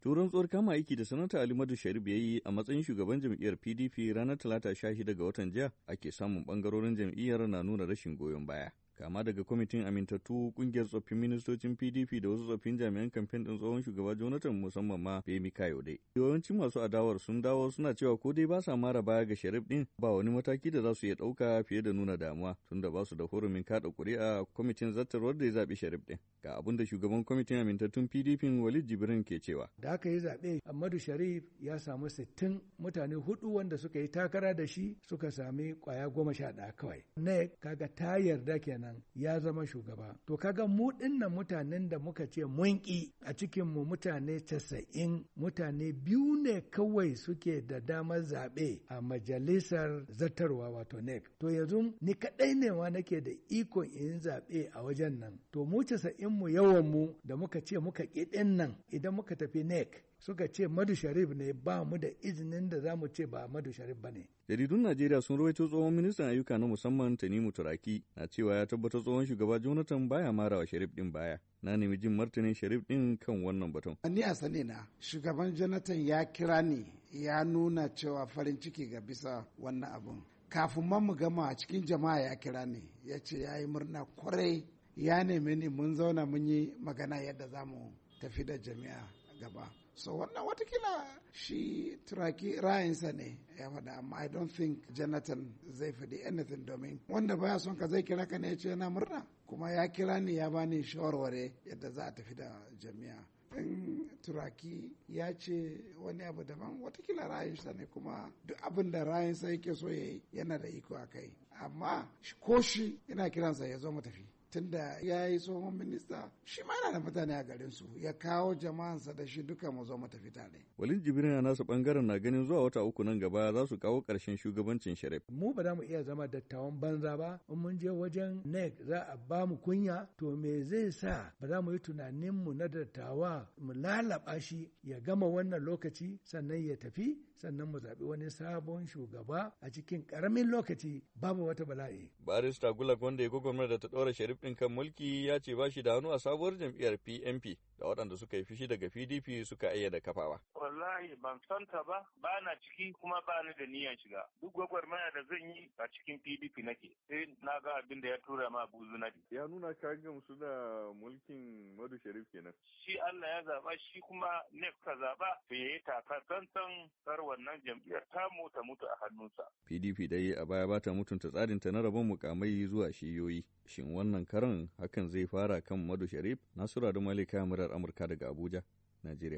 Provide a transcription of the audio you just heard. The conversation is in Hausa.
Turan tsohon kama aiki da sanata Ali Madu Sharif ya yi a matsayin shugaban jam'iyyar PDP ranar Talata 16 ga watan jiya ake samun bangarorin jam'iyyar na nuna rashin goyon baya. kama daga kwamitin amintattu kungiyar tsoffin ministocin pdp da wasu tsoffin jami'an kamfen din tsohon shugaba jonathan musamman ma femi kayode yawancin masu adawar sun dawo suna cewa ko dai ba sa mara baya ga sharif din ba wani mataki da za su iya ɗauka fiye da nuna damuwa tunda ba su da hurumin kada kuri'a kwamitin zattarwar da ya zaɓi sharif din ga abin da shugaban kwamitin amintattun pdp walid jibrin ke cewa da aka yi zaɓe ahmadu sharif ya samu sittin mutane hudu wanda suka yi takara da shi suka sami kwaya goma sha ɗaya kawai ne kaga ta yarda kenan kenan ya zama shugaba to kaga mu dinnan mutanen da muka ce mun ƙi a cikin mu mutane casa'in mutane biyu ne kawai suke da damar zaɓe a majalisar zartarwa wato nek to yanzu ni kaɗai ne ma nake da ikon in zaɓe a wajen nan to mu casa'in mu yawan mu da muka ce muka ki nan idan muka tafi nek. suka ce madu sharif ne ba mu da izinin da za mu ce ba madu sharif ba ne. jaridun najeriya sun rawaito tsohon ministan ayyuka na musamman tanimu turaki na cewa ya tabbatar tsohon shugaba jonathan baya mara wa sharif din baya na nemi jin martinin sharif din kan wannan batun. ni a sani na shugaban jonathan ya kira ni ya nuna cewa farin ciki ga bisa wannan abun kafin ma mu gama a cikin jama'a ya kira ni ya ce ya yi murna kwarai ya nemi ni mun zauna mun yi magana yadda za mu tafi da jami'a gaba so wannan watakila shi turaki ra'ayinsa ne ya faɗa amma i don't think jonathan zai faɗi anything domin wanda baya son ka zai kira ka ne ce yana murna kuma ya kira ni ya bani shawarware yadda za a tafi da jami'a in turaki ya ce wani abu daban watakila ra'ayinsa ne kuma duk abin da rayinsa yake so yana da iko a kai amma ko shi yana kiransa ya zo mu tafi tunda ya yi tsohon minista shi ma yana da mutane a garin su ya kawo jama'ansa da shi duka mu zo mu tafi tare. Walin Jibrin a nasu bangaren na ganin zuwa wata uku nan gaba za su kawo ƙarshen shugabancin Sharif. Mu ba za mu iya zama dattawan banza ba in mun je wajen NEC za a ba mu kunya to me zai sa ba za mu yi tunanin mu na dattawa mu lalaba shi ya gama wannan lokaci sannan ya tafi sannan mu zaɓi wani sabon shugaba a cikin ƙaramin lokaci babu wata bala'i. Barista Gulag wanda ya gwagwamar da ta ɗora Sharif ɗinkan mulki ya ce ba shi da hannu a sabuwar jam'iyyar PNP da waɗanda suka yi fishi daga PDP suka ayyana kafawa. Wallahi ban san ta ba, ba na ciki kuma ba ni da niyan shiga. Duk gwagwarmaya da zan yi a cikin PDP nake. Sai na ga abin da ya tura ma buzu na Ya nuna ka gamsu da mulkin Madu Sharif kenan. Shi Allah ya zaba shi kuma ne ka zaba to yayi taka tsantsan tsar wannan jam'iyyar ta ta mutu a hannunsa. PDP dai a baya ba ta mutunta ta na rabon mukamai zuwa shiyoyi. Shin wannan karan hakan zai fara kan Madu Sharif? Nasura da Malika Murar murar Amurka daga Abuja, Najeriya.